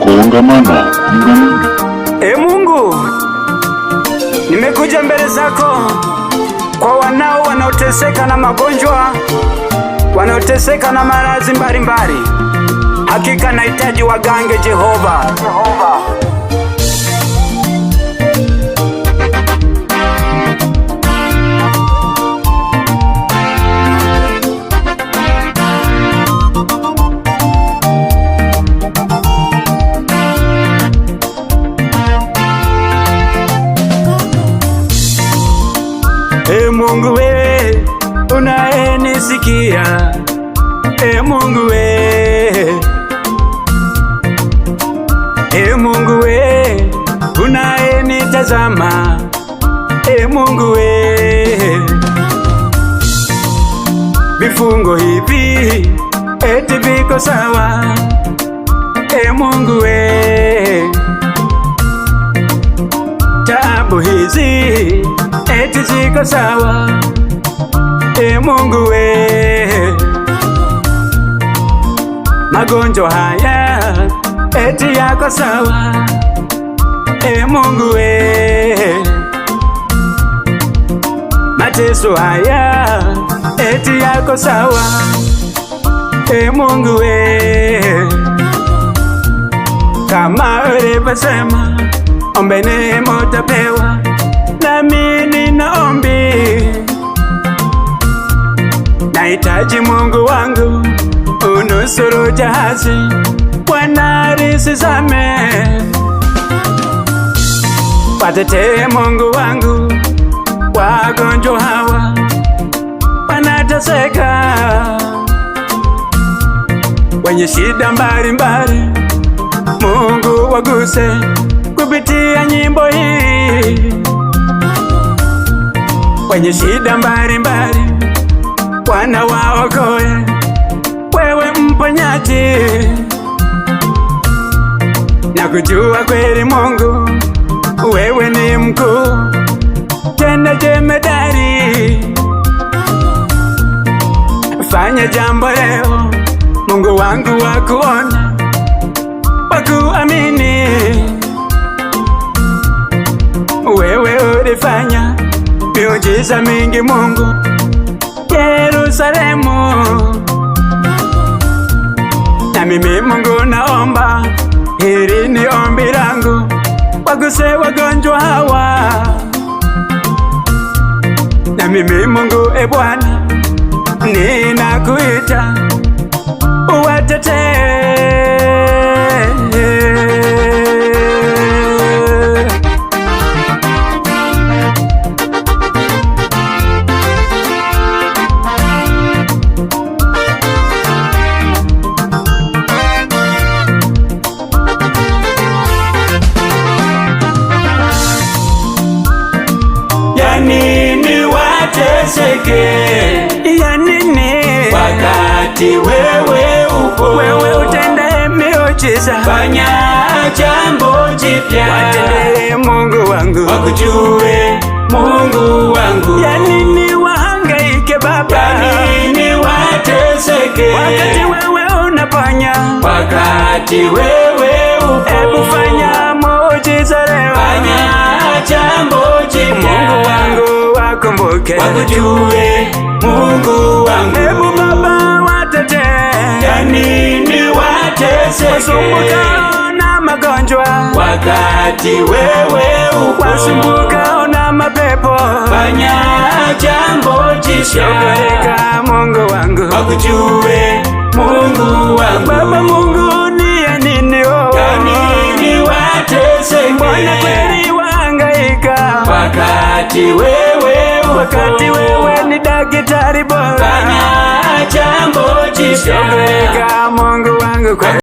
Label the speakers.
Speaker 1: kuungamana.
Speaker 2: E eh, Mungu, nimekuja mbele zako kwa wanao wanaoteseka na magonjwa, wanaoteseka na maradhi mbalimbali. Hakika nahitaji wagange, Jehova. E Mungu wewe unayenisikia, E Mungu wewe, E Mungu wewe unayenitazama, E Mungu wewe, vifungo hivi eti viko sawa niko sawa, e Mungu we, magonjwa haya eti yako sawa, e Mungu we, mateso haya eti yako sawa, e Mungu we, kama ulivyosema, ombe neema motapewa Mchungaji Mungu wangu, unusuru jahazi, Bwana lisizame. Watetee Mungu wangu, wagonjwa hawa wanateseka, wenye shida mbalimbali, Mungu waguse kupitia nyimbo hii, wenye shida mbalimbali Bwana waokoe, wewe mponyaji, na kujua kweli Mungu, wewe ni mkuu tena jemedari. Fanya jambo leo, Mungu wangu, wakuona wakuamini, wewe ulifanya miujiza mingi Mungu marehemu. Na mimi Mungu naomba, hili ni ombi langu, waguse wagonjwa hawa. Na mimi Mungu, e Bwana, ninakuita
Speaker 3: wakati wewe uko,
Speaker 2: wewe utende miujiza,
Speaker 3: fanya jambo jipya,
Speaker 2: watendee Mungu wangu,
Speaker 3: wakujue Mungu wangu.
Speaker 2: Ya nini wahangaike Baba,
Speaker 3: ya nini wateseke,
Speaker 2: wakati wewe unaponya,
Speaker 3: wakati wewe uko,
Speaker 2: hebu fanya muujiza leo,
Speaker 3: fanya jambo jipya,
Speaker 2: Mungu wangu wakumbuke,
Speaker 3: wakujue Mungu wangu.
Speaker 2: Hebu Baba wasumbuka na magonjwa,
Speaker 3: wakati wewe uko
Speaker 2: wasumbuka na mapepo,
Speaker 3: fanya jambo jipya,
Speaker 2: shukrika Mungu wangu,
Speaker 3: wakujue Mungu wangu,
Speaker 2: Baba Mungu ni ya nini oh,
Speaker 3: kanini wateseke,
Speaker 2: mbona kweli wahangaika,
Speaker 3: wakati wewe uko,
Speaker 2: wakati wewe ni daktari bora,
Speaker 3: fanya jambo jipya,
Speaker 2: shukrika Mungu wangu.